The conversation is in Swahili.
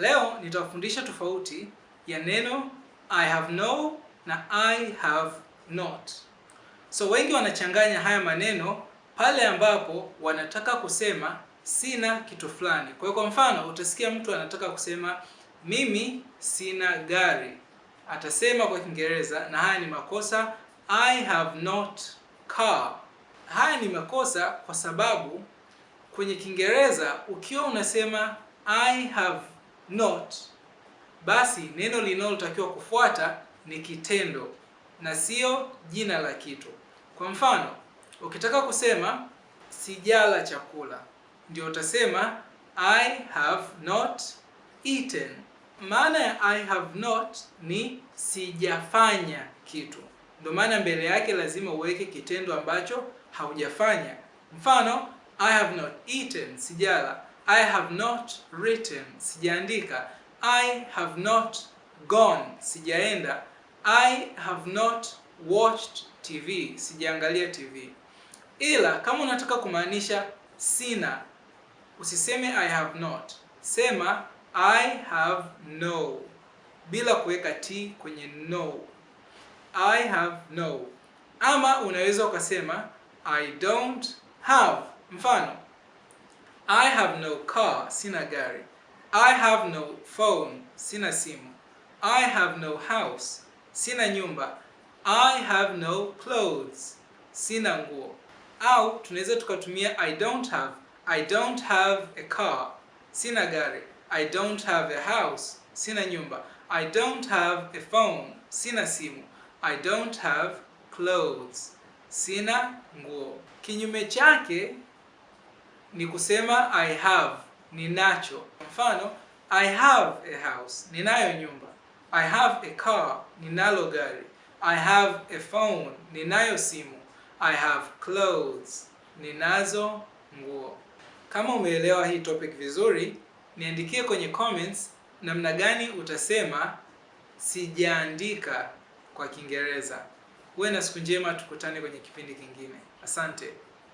Leo nitawafundisha tofauti ya neno I have no na I have not. So wengi wanachanganya haya maneno pale ambapo wanataka kusema sina kitu fulani. Kwa hiyo kwa mfano utasikia mtu anataka kusema mimi sina gari, atasema kwa Kiingereza, na haya ni makosa, I have not car. Haya ni makosa kwa sababu kwenye Kiingereza ukiwa unasema I have not, basi neno linalotakiwa kufuata ni kitendo na sio jina la kitu. Kwa mfano, ukitaka kusema sijala chakula, ndio utasema I have not eaten. Maana ya I have not ni sijafanya kitu, ndio maana mbele yake lazima uweke kitendo ambacho haujafanya. Mfano, I have not eaten, sijala I have not written, sijaandika. I have not gone, sijaenda. I have not watched TV, sijaangalia TV. Ila kama unataka kumaanisha sina, usiseme I have not, sema I have no, bila kuweka t kwenye no. I have no. Ama unaweza ukasema I don't have. Mfano, I have no car, sina gari. I have no phone, sina simu. I have no house, sina nyumba. I have no clothes, sina nguo. Au tunaweza tukatumia I don't have. I don't have a car, sina gari. I don't have a house, sina nyumba. I don't have a phone, sina simu. I don't have clothes, sina nguo. Kinyume chake ni kusema I have, ninacho. Mfano, I have a house, ninayo nyumba. I have a car, ninalo gari. I have a phone, ninayo simu. I have clothes, ninazo nguo. Kama umeelewa hii topic vizuri, niandikie kwenye comments namna gani utasema sijaandika kwa Kiingereza. Uwe na siku njema, tukutane kwenye kipindi kingine. Asante.